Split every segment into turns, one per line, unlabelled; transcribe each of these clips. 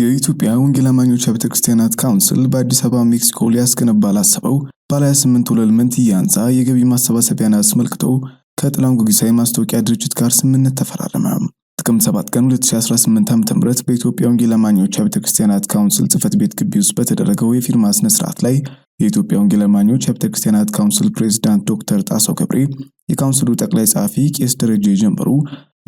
የኢትዮጵያ ወንጌል አማኞች ቤተ ክርስቲያናት ካውንስል በአዲስ አበባ ሜክሲኮ ሊያስገነባ ላሰበው ባለ 28 ወለል መንትያ ሕንፃ የገቢ ማሰባሰቢያን አስመልክቶ ከጥላሁን ጉጊሳ የማስታወቂያ ድርጅት ጋር ስምምነት ተፈራረመ። ጥቅምት 7 ቀን 2018 ዓ.ም በኢትዮጵያ ወንጌል አማኞች ቤተ ክርስቲያናት ካውንስል ጽህፈት ቤት ግቢ ውስጥ በተደረገው የፊርማ ስነ ስርዓት ላይ የኢትዮጵያ ወንጌል አማኞች ቤተ ክርስቲያናት ካውንስል ፕሬዝዳንት ዶክተር ጣሰው ገብሬ፣ የካውንስሉ ጠቅላይ ጸሐፊ ቄስ ደረጀ ጀንበሩ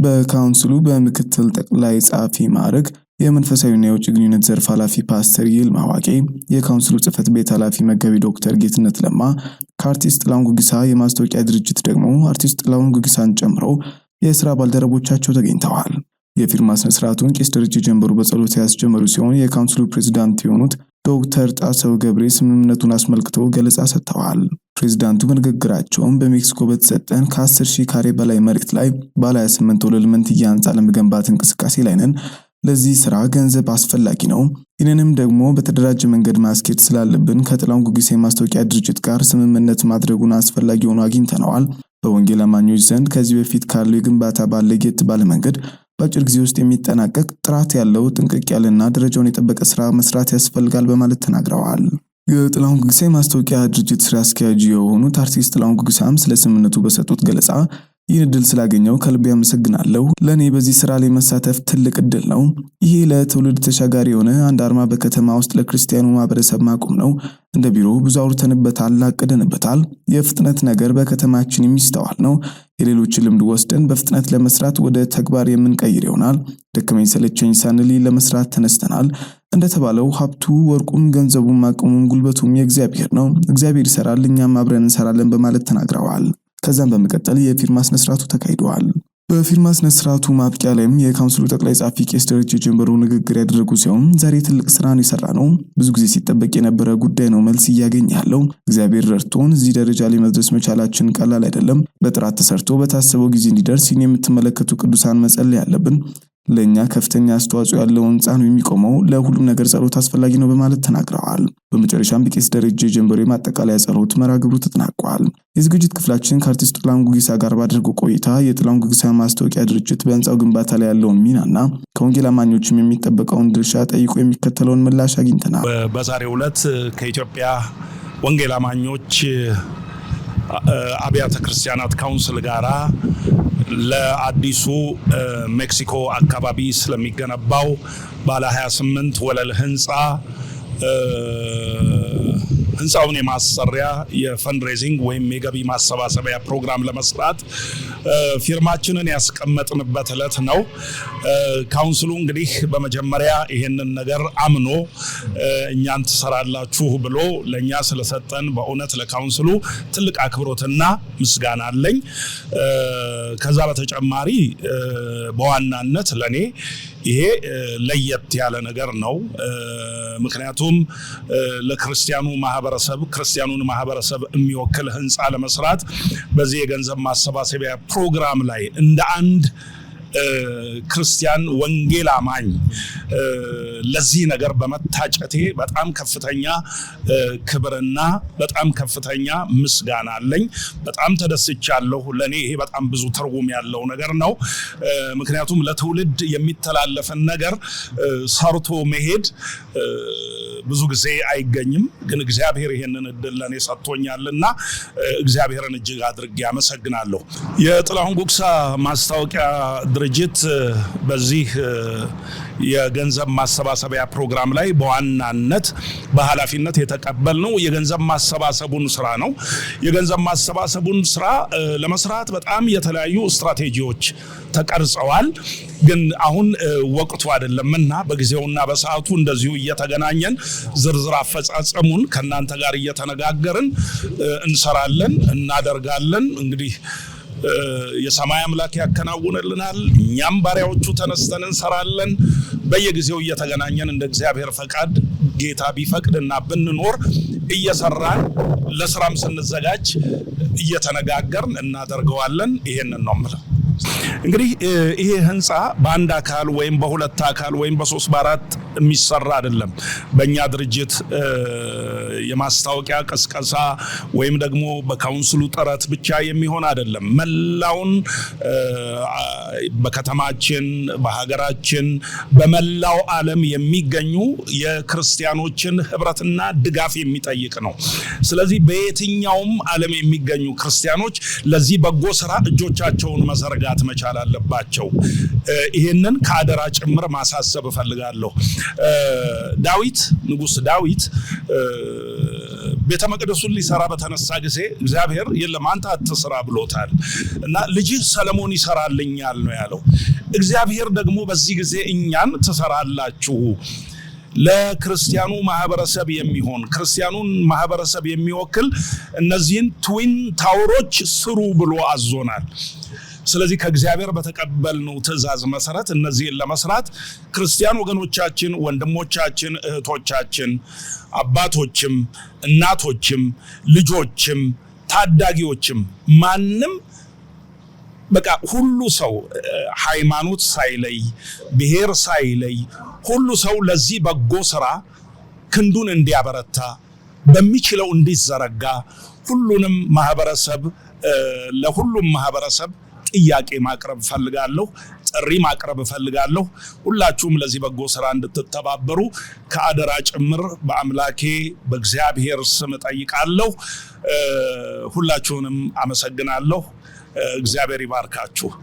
በካውንስሉ በምክትል ጠቅላይ ጸሐፊ ማዕረግ የመንፈሳዊና የውጭ ግንኙነት ዘርፍ ኃላፊ ፓስተር ይልማ ዋቄ፣ የካውንስሉ ጽህፈት ቤት ኃላፊ መጋቢ ዶክተር ጌትነት ለማ ከአርቲስት ጥላሁን ጉጊሳ የማስታወቂያ ድርጅት ደግሞ አርቲስት ጥላሁን ጉጊሳን ጨምሮ የስራ ባልደረቦቻቸው ተገኝተዋል። የፊርማ ስነስርዓቱን ቄስ ደረጀ ጀንበሩ በጸሎት ያስጀመሩ ሲሆን የካውንስሉ ፕሬዚዳንት የሆኑት ዶክተር ጣሰው ገብሬ ስምምነቱን አስመልክቶ ገለጻ ሰጥተዋል። ፕሬዚዳንቱ በንግግራቸውም በሜክሲኮ በተሰጠን ከ10 ሺህ ካሬ በላይ መሬት ላይ ባለ 28 ወለል መንትያ ህንፃ ለመገንባት እንቅስቃሴ ላይ ነን ለዚህ ስራ ገንዘብ አስፈላጊ ነው። ይህንንም ደግሞ በተደራጀ መንገድ ማስኬድ ስላለብን ከጥላውን ጉጊሴ የማስታወቂያ ድርጅት ጋር ስምምነት ማድረጉን አስፈላጊ ሆኖ አግኝተነዋል። በወንጌል አማኞች ዘንድ ከዚህ በፊት ካለው የግንባታ ባለ ለየት ባለ መንገድ በአጭር ጊዜ ውስጥ የሚጠናቀቅ ጥራት ያለው ጥንቅቅ ያለና ደረጃውን የጠበቀ ስራ መስራት ያስፈልጋል በማለት ተናግረዋል። የጥላሁን ጉጊሳ የማስታወቂያ ድርጅት ስራ አስኪያጅ የሆኑት አርቲስት ጥላሁን ጉጊሳም ስለ ስምምነቱ በሰጡት ገለጻ ይህን እድል ስላገኘው ከልቤ አመሰግናለሁ። ለእኔ በዚህ ስራ ላይ መሳተፍ ትልቅ እድል ነው። ይህ ለትውልድ ተሻጋሪ የሆነ አንድ አርማ በከተማ ውስጥ ለክርስቲያኑ ማህበረሰብ ማቆም ነው። እንደ ቢሮ ብዙ አውርተንበታል፣ አቅደንበታል። የፍጥነት ነገር በከተማችን የሚስተዋል ነው። የሌሎችን ልምድ ወስደን በፍጥነት ለመስራት ወደ ተግባር የምንቀይር ይሆናል። ደከመኝ ሰለቸኝ ሳንል ለመስራት ተነስተናል። እንደተባለው ሀብቱ ወርቁም ገንዘቡም አቅሙም ጉልበቱም የእግዚአብሔር ነው። እግዚአብሔር ይሰራል፣ እኛም አብረን እንሰራለን በማለት ተናግረዋል። ከዛም በመቀጠል የፊርማ ስነስርዓቱ ተካሂደዋል። በፊርማ ስነ ስርዓቱ ማብቂያ ላይም የካውንስሉ ጠቅላይ ጸሐፊ ቄስ ደረጀ ጀንበሩ ንግግር ያደረጉ ሲሆን ዛሬ ትልቅ ስራን የሰራ ነው፣ ብዙ ጊዜ ሲጠበቅ የነበረ ጉዳይ ነው፣ መልስ እያገኘ ያለው እግዚአብሔር ረድቶን እዚህ ደረጃ ላይ መድረስ መቻላችን ቀላል አይደለም። በጥራት ተሰርቶ በታሰበው ጊዜ እንዲደርስ ይህን የምትመለከቱ ቅዱሳን መጸለይ ያለብን ለእኛ ከፍተኛ አስተዋጽኦ ያለው ህንፃ ነው የሚቆመው። ለሁሉም ነገር ጸሎት አስፈላጊ ነው በማለት ተናግረዋል። በመጨረሻም በቄስ ደረጀ ጀንበሮ ማጠቃለያ ጸሎት መርሃ ግብሩ ተጠናቋል። የዝግጅት ክፍላችን ከአርቲስት ጥላሁን ጉጊሳ ጋር ባደረገው ቆይታ የጥላሁን ጉጊሳ ማስታወቂያ ድርጅት በህንፃው ግንባታ ላይ ያለውን ሚናና ከወንጌል አማኞችም የሚጠበቀውን ድርሻ ጠይቆ የሚከተለውን ምላሽ አግኝተናል።
በዛሬው ዕለት ከኢትዮጵያ ወንጌል አማኞች አብያተ ክርስቲያናት ካውንስል ጋራ ለአዲሱ ሜክሲኮ አካባቢ ስለሚገነባው ባለ 28 ወለል ህንፃ ህንፃውን የማሰሪያ የፈንድሬዚንግ ወይም የገቢ ማሰባሰቢያ ፕሮግራም ለመስራት ፊርማችንን ያስቀመጥንበት እለት ነው። ካውንስሉ እንግዲህ በመጀመሪያ ይሄንን ነገር አምኖ እኛን ትሰራላችሁ ብሎ ለእኛ ስለሰጠን በእውነት ለካውንስሉ ትልቅ አክብሮትና ምስጋና አለኝ። ከዛ በተጨማሪ በዋናነት ለእኔ ይሄ ለየት ያለ ነገር ነው። ምክንያቱም ለክርስቲያኑ ማህበ ማህበረሰብ ክርስቲያኑን ማህበረሰብ የሚወክል ህንፃ ለመስራት በዚህ የገንዘብ ማሰባሰቢያ ፕሮግራም ላይ እንደ አንድ ክርስቲያን ወንጌል አማኝ ለዚህ ነገር በመታጨቴ በጣም ከፍተኛ ክብርና በጣም ከፍተኛ ምስጋና አለኝ። በጣም ተደስቻለሁ። ለእኔ ይሄ በጣም ብዙ ትርጉም ያለው ነገር ነው። ምክንያቱም ለትውልድ የሚተላለፍን ነገር ሰርቶ መሄድ ብዙ ጊዜ አይገኝም። ግን እግዚአብሔር ይሄንን እድል ለእኔ ሰጥቶኛልና እግዚአብሔርን እጅግ አድርጌ አመሰግናለሁ። የጥላሁን ጉግሳ ማስታወቂያ ድርጅት በዚህ የገንዘብ ማሰባሰቢያ ፕሮግራም ላይ በዋናነት በኃላፊነት የተቀበልነው የገንዘብ ማሰባሰቡን ስራ ነው። የገንዘብ ማሰባሰቡን ስራ ለመስራት በጣም የተለያዩ ስትራቴጂዎች ተቀርጸዋል። ግን አሁን ወቅቱ እና በጊዜውና በሰዓቱ እንደዚሁ እየተገናኘን ዝርዝር አፈጻጸሙን ከእናንተ ጋር እየተነጋገርን እንሰራለን፣ እናደርጋለን እንግዲህ የሰማይ አምላክ ያከናውንልናል። እኛም ባሪያዎቹ ተነስተን እንሰራለን። በየጊዜው እየተገናኘን እንደ እግዚአብሔር ፈቃድ ጌታ ቢፈቅድና ብንኖር እየሰራን ለስራም ስንዘጋጅ እየተነጋገርን እናደርገዋለን። ይሄንን ነው የምለው። እንግዲህ ይሄ ህንፃ በአንድ አካል ወይም በሁለት አካል ወይም በሶስት በአራት የሚሰራ አይደለም። በእኛ ድርጅት የማስታወቂያ ቀስቀሳ ወይም ደግሞ በካውንስሉ ጥረት ብቻ የሚሆን አይደለም። መላውን በከተማችን፣ በሀገራችን፣ በመላው ዓለም የሚገኙ የክርስቲያኖችን ህብረትና ድጋፍ የሚጠይቅ ነው። ስለዚህ በየትኛውም ዓለም የሚገኙ ክርስቲያኖች ለዚህ በጎ ስራ እጆቻቸውን መዘርጋ መረዳት መቻል አለባቸው። ይህንን ከአደራ ጭምር ማሳሰብ እፈልጋለሁ። ዳዊት ንጉስ ዳዊት ቤተ መቅደሱን ሊሰራ በተነሳ ጊዜ እግዚአብሔር የለም አንተ አትስራ ብሎታል እና ልጅህ ሰለሞን ይሰራልኛል ነው ያለው። እግዚአብሔር ደግሞ በዚህ ጊዜ እኛን ትሰራላችሁ ለክርስቲያኑ ማህበረሰብ የሚሆን ክርስቲያኑን ማህበረሰብ የሚወክል እነዚህን ትዊን ታወሮች ስሩ ብሎ አዞናል። ስለዚህ ከእግዚአብሔር በተቀበልነው ትእዛዝ መሰረት እነዚህን ለመስራት ክርስቲያን ወገኖቻችን፣ ወንድሞቻችን፣ እህቶቻችን፣ አባቶችም፣ እናቶችም፣ ልጆችም፣ ታዳጊዎችም ማንም በቃ ሁሉ ሰው ሃይማኖት ሳይለይ ብሔር ሳይለይ ሁሉ ሰው ለዚህ በጎ ስራ ክንዱን እንዲያበረታ በሚችለው እንዲዘረጋ ሁሉንም ማህበረሰብ ለሁሉም ማህበረሰብ ጥያቄ ማቅረብ እፈልጋለሁ፣ ጥሪ ማቅረብ እፈልጋለሁ። ሁላችሁም ለዚህ በጎ ስራ እንድትተባበሩ ከአደራ ጭምር በአምላኬ በእግዚአብሔር ስም እጠይቃለሁ። ሁላችሁንም አመሰግናለሁ። እግዚአብሔር ይባርካችሁ።